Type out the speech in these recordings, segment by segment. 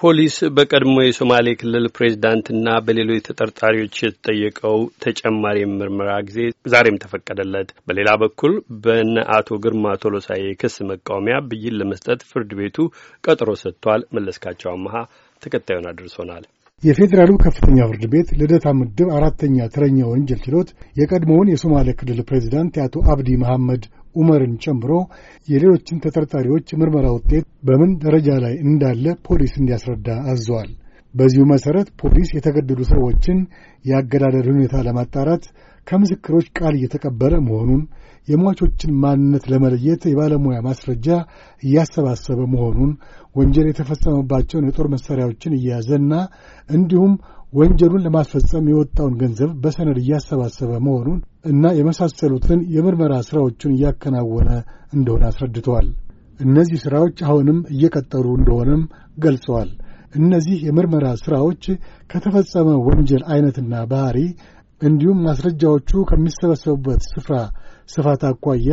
ፖሊስ በቀድሞ የሶማሌ ክልል ፕሬዝዳንትና በሌሎች ተጠርጣሪዎች የተጠየቀው ተጨማሪ ምርመራ ጊዜ ዛሬም ተፈቀደለት። በሌላ በኩል በነ አቶ ግርማ ቶሎሳ የክስ መቃወሚያ ብይን ለመስጠት ፍርድ ቤቱ ቀጠሮ ሰጥቷል። መለስካቸው አመሃ ተከታዩን አድርሶናል። የፌዴራሉ ከፍተኛ ፍርድ ቤት ልደታ ምድብ አራተኛ ተረኛ ወንጀል ችሎት የቀድሞውን የሶማሌ ክልል ፕሬዚዳንት የአቶ አብዲ መሐመድ ኡመርን ጨምሮ የሌሎችን ተጠርጣሪዎች ምርመራ ውጤት በምን ደረጃ ላይ እንዳለ ፖሊስ እንዲያስረዳ አዘዋል። በዚሁ መሠረት ፖሊስ የተገደዱ ሰዎችን የአገዳደል ሁኔታ ለማጣራት ከምስክሮች ቃል እየተቀበለ መሆኑን፣ የሟቾችን ማንነት ለመለየት የባለሙያ ማስረጃ እያሰባሰበ መሆኑን፣ ወንጀል የተፈጸመባቸውን የጦር መሣሪያዎችን እየያዘና እንዲሁም ወንጀሉን ለማስፈጸም የወጣውን ገንዘብ በሰነድ እያሰባሰበ መሆኑን እና የመሳሰሉትን የምርመራ ሥራዎቹን እያከናወነ እንደሆነ አስረድተዋል። እነዚህ ሥራዎች አሁንም እየቀጠሉ እንደሆነም ገልጸዋል። እነዚህ የምርመራ ሥራዎች ከተፈጸመ ወንጀል ዐይነትና ባሕሪ እንዲሁም ማስረጃዎቹ ከሚሰበሰቡበት ስፍራ ስፋት አኳያ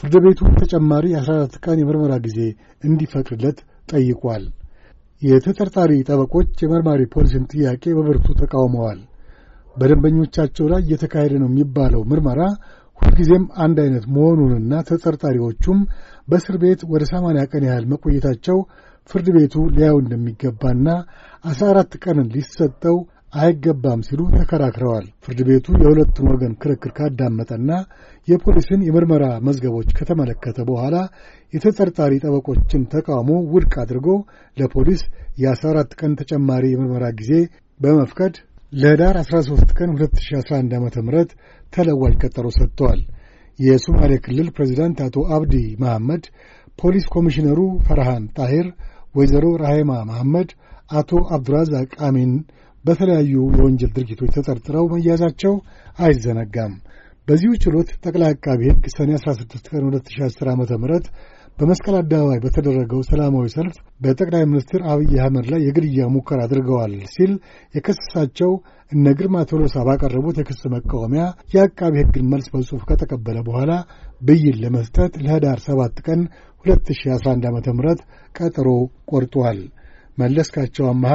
ፍርድ ቤቱ ተጨማሪ 14 ቀን የምርመራ ጊዜ እንዲፈቅድለት ጠይቋል። የተጠርጣሪ ጠበቆች የመርማሪ ፖሊስን ጥያቄ በብርቱ ተቃውመዋል። በደንበኞቻቸው ላይ እየተካሄደ ነው የሚባለው ምርመራ ሁልጊዜም አንድ አይነት መሆኑንና ተጠርጣሪዎቹም በእስር ቤት ወደ ሰማንያ ቀን ያህል መቆየታቸው ፍርድ ቤቱ ሊያው እንደሚገባና አስራ አራት ቀንን ሊሰጠው አይገባም ሲሉ ተከራክረዋል። ፍርድ ቤቱ የሁለቱን ወገን ክርክር ካዳመጠና የፖሊስን የምርመራ መዝገቦች ከተመለከተ በኋላ የተጠርጣሪ ጠበቆችን ተቃውሞ ውድቅ አድርጎ ለፖሊስ የ14 ቀን ተጨማሪ የምርመራ ጊዜ በመፍቀድ ለህዳር 13 ቀን 2011 ዓ ም ተለዋጅ ቀጠሮ ሰጥተዋል። የሶማሌ ክልል ፕሬዚዳንት አቶ አብዲ መሐመድ፣ ፖሊስ ኮሚሽነሩ ፈርሃን ጣሂር፣ ወይዘሮ ራሄማ መሐመድ፣ አቶ አብዱራዛቅ አሚን በተለያዩ የወንጀል ድርጊቶች ተጠርጥረው መያዛቸው አይዘነጋም። በዚሁ ችሎት ጠቅላይ አቃቢ ሕግ ሰኔ 16 ቀን 2010 ዓ ም በመስቀል አደባባይ በተደረገው ሰላማዊ ሰልፍ በጠቅላይ ሚኒስትር አብይ አህመድ ላይ የግድያ ሙከራ አድርገዋል ሲል የከሰሳቸው እነ ግርማ ቶሎሳ ባቀረቡት የክስ መቃወሚያ የአቃቢ ሕግን መልስ በጽሑፍ ከተቀበለ በኋላ ብይን ለመስጠት ለህዳር 7 ቀን 2011 ዓ ም ቀጠሮ ቆርጧል። መለስካቸው አመሃ